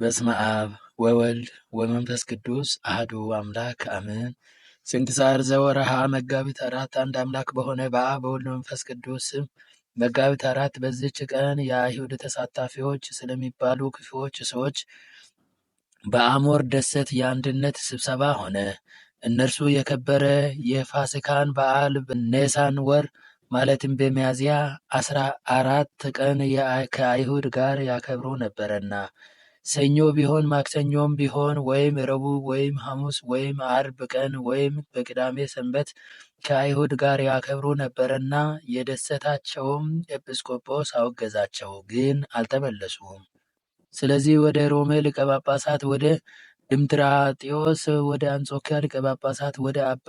በስመ አብ ወወልድ ወመንፈስ ቅዱስ አህዱ አምላክ አምን። ስንክሳር ዘወርሃ መጋቢት አራት አንድ አምላክ በሆነ በአብ በወልድ መንፈስ ቅዱስ መጋቢት አራት በዚች ቀን የአይሁድ ተሳታፊዎች ስለሚባሉ ክፉዎች ሰዎች በአሞር ደሴት የአንድነት ስብሰባ ሆነ። እነርሱ የከበረ የፋሲካን በዓል በኔሳን ወር ማለትም በሚያዝያ አስራ አራት ቀን ከአይሁድ ጋር ያከብሩ ነበረና ሰኞ ቢሆን ማክሰኞም ቢሆን ወይም ረቡዕ ወይም ሐሙስ ወይም አርብ ቀን ወይም በቅዳሜ ሰንበት ከአይሁድ ጋር ያከብሩ ነበርና የደሰታቸውም ኤጲስቆጶስ አወገዛቸው፣ ግን አልተመለሱም። ስለዚህ ወደ ሮሜ ሊቀ ጳጳሳት ወደ ድምትራጢዮስ፣ ወደ አንጾኪያ ሊቀ ጳጳሳት ወደ አባ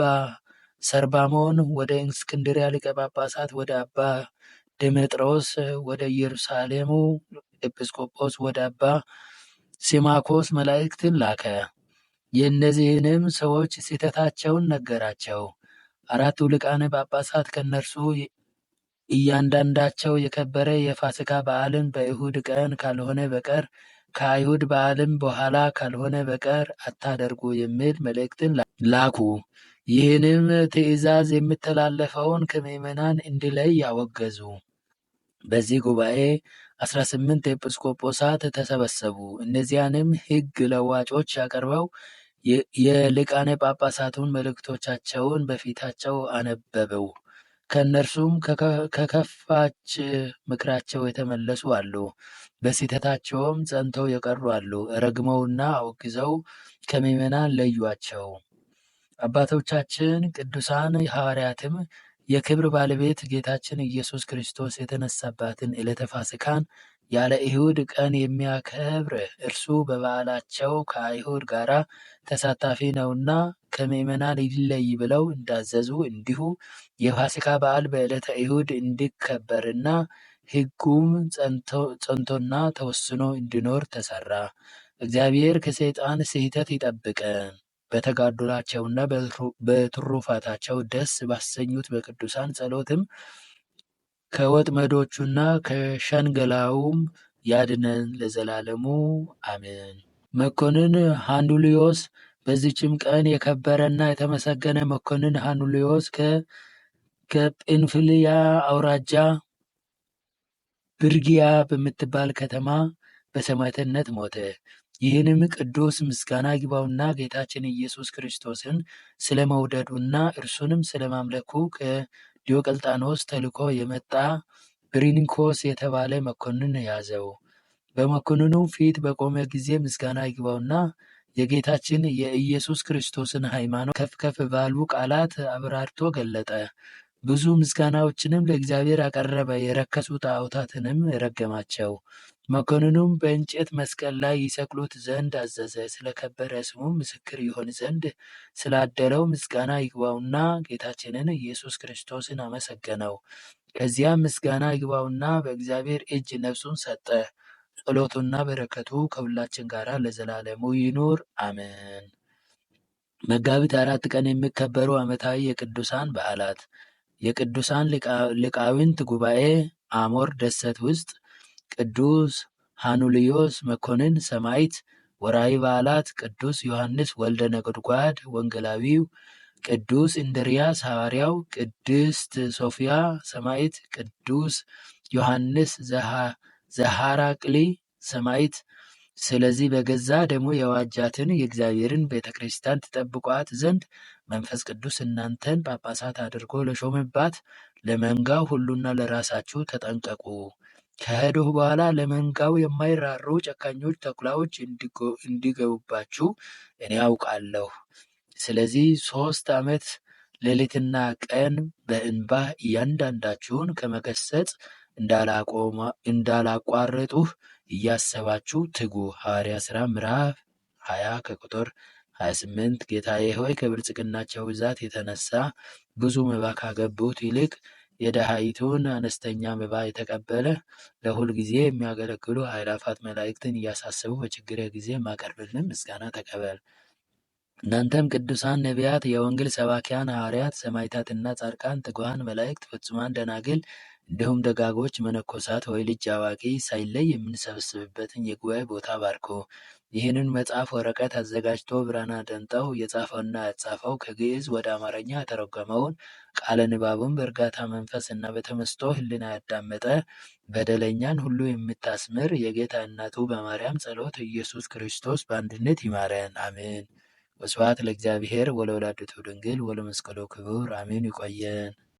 ሰርባሞን፣ ወደ እስክንድሪያ ሊቀ ጳጳሳት ወደ አባ ድሜጥሮስ፣ ወደ ኢየሩሳሌሙ ኤጲስቆጶስ ወደ አባ ሲማኮስ መላእክትን ላከ። የእነዚህንም ሰዎች ስህተታቸውን ነገራቸው። አራቱ ሊቃነ ጳጳሳት ከእነርሱ እያንዳንዳቸው የከበረ የፋሲካ በዓልን በይሁድ ቀን ካልሆነ በቀር ከአይሁድ በዓልም በኋላ ካልሆነ በቀር አታደርጉ የሚል መልእክትን ላኩ። ይህንም ትእዛዝ የምተላለፈውን ከምዕመናን እንዲለይ ያወገዙ። በዚህ ጉባኤ አሥራ ስምንት ኤጲስቆጶሳት ተሰበሰቡ። እነዚያንም ሕግ ለዋጮች ያቀርበው የሊቃነ ጳጳሳቱን መልእክቶቻቸውን በፊታቸው አነበበው ከእነርሱም ከከፋች ምክራቸው የተመለሱ አሉ፣ በስህተታቸውም ጸንተው የቀሩ አሉ። ረግመውና አውግዘው ከምዕመናን ለዩአቸው። አባቶቻችን ቅዱሳን ሐዋርያትም የክብር ባለቤት ጌታችን ኢየሱስ ክርስቶስ የተነሳባትን ዕለተ ፋሲካን ያለ እሁድ ቀን የሚያከብር እርሱ በበዓላቸው ከአይሁድ ጋር ተሳታፊ ነውና ከምዕመናን ይለይ ብለው እንዳዘዙ እንዲሁ የፋሲካ በዓል በዕለተ እሁድ እንዲከበርና ሕጉም ጸንቶና ተወስኖ እንዲኖር ተሰራ። እግዚአብሔር ከሰይጣን ስህተት ይጠብቀን። በተጋድሏቸውና በትሩፋታቸው ደስ ባሰኙት በቅዱሳን ጸሎትም ከወጥመዶቹና ከሸንገላውም ያድነን ለዘላለሙ አሜን። መኮንን ሃንዱልዮስ በዚችም ቀን የከበረና የተመሰገነ መኮንን ሃንዱልዮስ ከጵንፍልያ አውራጃ ብርጊያ በምትባል ከተማ በሰማዕትነት ሞተ። ይህንም ቅዱስ ምስጋና ግባውና ጌታችን ኢየሱስ ክርስቶስን ስለ መውደዱና እርሱንም ስለ ማምለኩ ተልኮ የመጣ ብሪኒኮስ የተባለ መኮንን ያዘው። በመኮንኑ ፊት በቆመ ጊዜ ምስጋና ግባውና የጌታችን የኢየሱስ ክርስቶስን ሃይማኖት ከፍ ከፍ ባሉ ቃላት አብራርቶ ገለጠ። ብዙ ምስጋናዎችንም ለእግዚአብሔር አቀረበ፣ የረከሱ ጣዖታትንም ረገማቸው። መኮንኑም በእንጨት መስቀል ላይ ይሰቅሉት ዘንድ አዘዘ። ስለከበረ ስሙ ስሙም ምስክር ይሆን ዘንድ ስላደለው ምስጋና ይግባውና ጌታችንን ኢየሱስ ክርስቶስን አመሰገነው። ከዚያም ምስጋና ይግባውና በእግዚአብሔር እጅ ነፍሱን ሰጠ። ጸሎቱና በረከቱ ከሁላችን ጋር ለዘላለሙ ይኑር አሜን። መጋቢት አራት ቀን የሚከበሩ ዓመታዊ የቅዱሳን በዓላት የቅዱሳን ሊቃውንት ጉባኤ አሞር ደሴት ውስጥ ቅዱስ ሃኑልዮስ መኮንን ሰማዕት። ወርኃዊ በዓላት ቅዱስ ዮሐንስ ወልደ ነጎድጓድ ወንጌላዊው፣ ቅዱስ እንድርያስ ሐዋርያው፣ ቅድስት ሶፊያ ሰማዕት፣ ቅዱስ ዮሐንስ ዘሐራቅሊ ሰማዕት ስለዚህ በገዛ ደግሞ የዋጃትን የእግዚአብሔርን ቤተ ክርስቲያን ትጠብቋት ዘንድ መንፈስ ቅዱስ እናንተን ጳጳሳት አድርጎ ለሾመባት ለመንጋው ሁሉና ለራሳችሁ ተጠንቀቁ። ከሄድሁ በኋላ ለመንጋው የማይራሩ ጨካኞች ተኩላዎች እንዲገቡባችሁ እኔ አውቃለሁ። ስለዚህ ሶስት ዓመት ሌሊትና ቀን በእንባ እያንዳንዳችሁን ከመገሰጽ እንዳላቋረጡህ እያሰባችሁ ትጉ። ሐዋርያ ሥራ ምዕራፍ 20 ከቁጥር 28 ጌታዬ ሆይ ከብልጽግናቸው ብዛት የተነሳ ብዙ መባ ካገቡት ይልቅ የደሃይቱን አነስተኛ መባ የተቀበለ ለሁል ጊዜ የሚያገለግሉ አእላፋት መላእክትን እያሳሰቡ በችግር ጊዜ ማቀርብልን ምስጋና ተቀበል። እናንተም ቅዱሳን ነቢያት፣ የወንጌል ሰባኪያን ሐዋርያት፣ ሰማዕታትና ጻድቃን፣ ትጉሃን መላእክት፣ ፍጹማን ደናግል እንዲሁም ደጋጎች መነኮሳት ወይ ልጅ አዋቂ ሳይለይ የምንሰበስብበትን የጉባኤ ቦታ ባርኮ ይህንን መጽሐፍ ወረቀት አዘጋጅቶ ብራና ደንጠው የጻፈውና ያጻፈው ከግዕዝ ወደ አማርኛ የተረጎመውን ቃለ ንባቡን በእርጋታ መንፈስ እና በተመስጦ ሕሊና ያዳመጠ በደለኛን ሁሉ የምታስምር የጌታ እናቱ በማርያም ጸሎት ኢየሱስ ክርስቶስ በአንድነት ይማረን፣ አሜን። ወስብሐት ለእግዚአብሔር ወለወላዲቱ ድንግል ወለመስቀሉ ክቡር አሜን። ይቆየን።